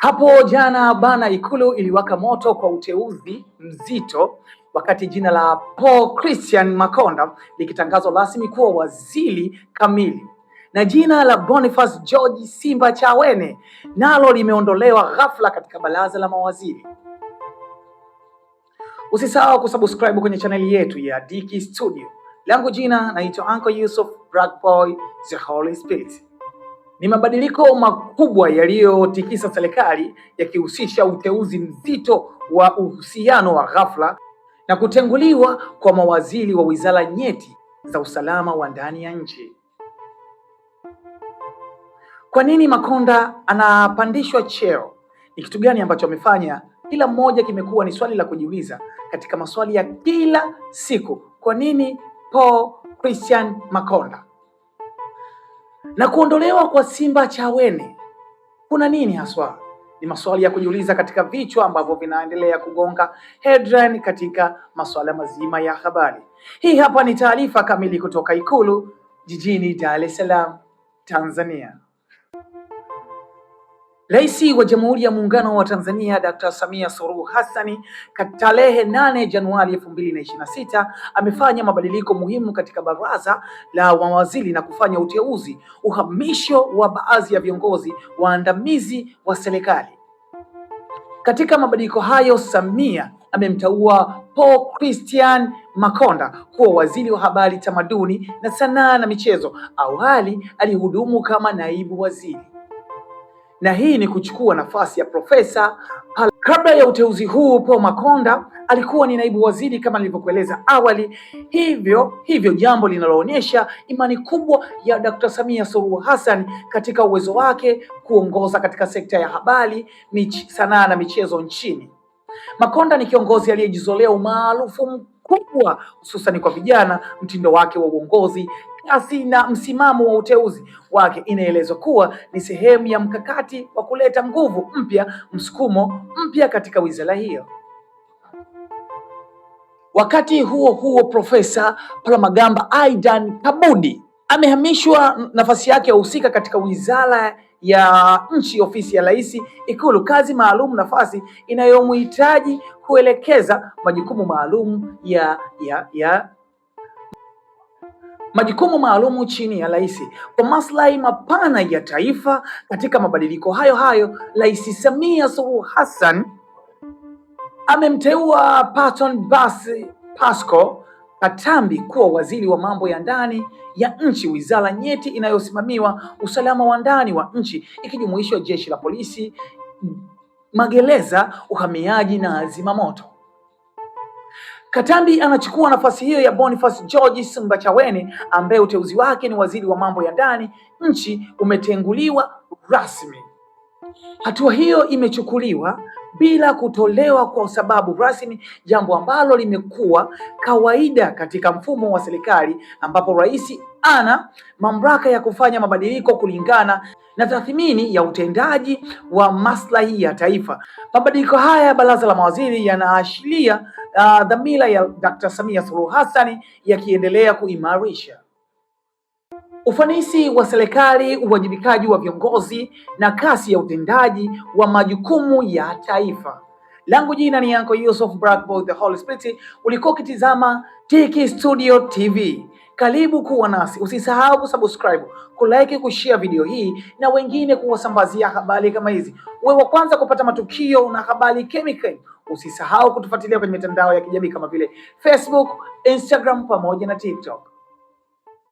Hapo jana bana, Ikulu iliwaka moto kwa uteuzi mzito, wakati jina la Paul Christian Makonda likitangazwa rasmi kuwa waziri kamili na jina la Boniface George Simba Chawene nalo limeondolewa ghafla katika baraza la mawaziri. Usisahau kusubscribe kwenye chaneli yetu ya Dicky Studio. Langu jina naitwa Uncle Yusuf Black the Holy Spirit. Ni mabadiliko makubwa yaliyotikisa serikali yakihusisha uteuzi mzito wa uhusiano wa ghafla na kutenguliwa kwa mawaziri wa wizara nyeti za usalama wa ndani ya nchi. Kwa nini Makonda anapandishwa cheo? Ni kitu gani ambacho amefanya? Kila mmoja kimekuwa ni swali la kujiuliza katika maswali ya kila siku. Kwa nini Paul Christian Makonda na kuondolewa kwa Simba Chawene kuna nini haswa? Ni maswali ya kujiuliza katika vichwa ambavyo vinaendelea kugonga headline katika masuala mazima ya habari. Hii hapa ni taarifa kamili kutoka Ikulu jijini Dar es Salaam, Tanzania. Rais wa Jamhuri ya Muungano wa Tanzania Dr. Samia Suluhu Hassan tarehe 8 Januari 2026 amefanya mabadiliko muhimu katika baraza la mawaziri na kufanya uteuzi, uhamisho wa baadhi ya viongozi waandamizi wa, wa serikali. Katika mabadiliko hayo, Samia amemteua Paul Christian Makonda kuwa waziri wa habari, tamaduni na sanaa na michezo. Awali alihudumu kama naibu waziri na hii ni kuchukua nafasi ya profesa. Kabla ya uteuzi huu, Paul Makonda alikuwa ni naibu waziri kama nilivyokueleza awali, hivyo hivyo, jambo linaloonyesha imani kubwa ya Dr. Samia Suluhu Hassan katika uwezo wake kuongoza katika sekta ya habari, sanaa na michezo nchini. Makonda ni kiongozi aliyejizolea umaarufu mkubwa hususani kwa vijana, mtindo wake wa uongozi kasi na msimamo wa uteuzi wake. Inaelezwa kuwa ni sehemu ya mkakati wa kuleta nguvu mpya, msukumo mpya katika wizara hiyo. Wakati huo huo, Profesa Palamagamba Aidan Kabudi amehamishwa nafasi yake ya husika katika wizara ya nchi ofisi ya Rais Ikulu, kazi maalum, nafasi inayomhitaji kuelekeza majukumu maalum ya, ya, ya majukumu maalumu chini ya rais kwa maslahi mapana ya taifa. Katika mabadiliko hayo hayo, Rais Samia Suluhu Hassan amemteua Patton Bas Pasco Katambi kuwa waziri wa mambo ya ndani ya nchi, wizara nyeti inayosimamiwa usalama wa ndani wa nchi ikijumuishwa jeshi la polisi, magereza, uhamiaji na zimamoto. Katambi anachukua nafasi hiyo ya Boniface George Simbachawene ambaye uteuzi wake ni waziri wa mambo ya ndani nchi umetenguliwa rasmi. Hatua hiyo imechukuliwa bila kutolewa kwa sababu rasmi, jambo ambalo limekuwa kawaida katika mfumo wa serikali ambapo rais ana mamlaka ya kufanya mabadiliko kulingana na tathmini ya utendaji wa maslahi ya taifa. Mabadiliko haya ya baraza la mawaziri yanaashiria uh, dhamira ya Dr. Samia Suluhu Hassan yakiendelea kuimarisha ufanisi wa serikali, uwajibikaji wa viongozi na kasi ya utendaji wa majukumu ya taifa. Langu jina ni yako Yusuf Blackboy, the Holy Spirit. Ulikuwa ukitizama Tiki Studio TV, karibu kuwa nasi. Usisahau kusubscribe, kulike, kushare video hii na wengine kuwasambazia habari kama hizi, uwe wa kwanza kupata matukio na habari kemikali. Usisahau kutufuatilia kwenye mitandao ya kijamii kama vile Facebook, Instagram pamoja na TikTok.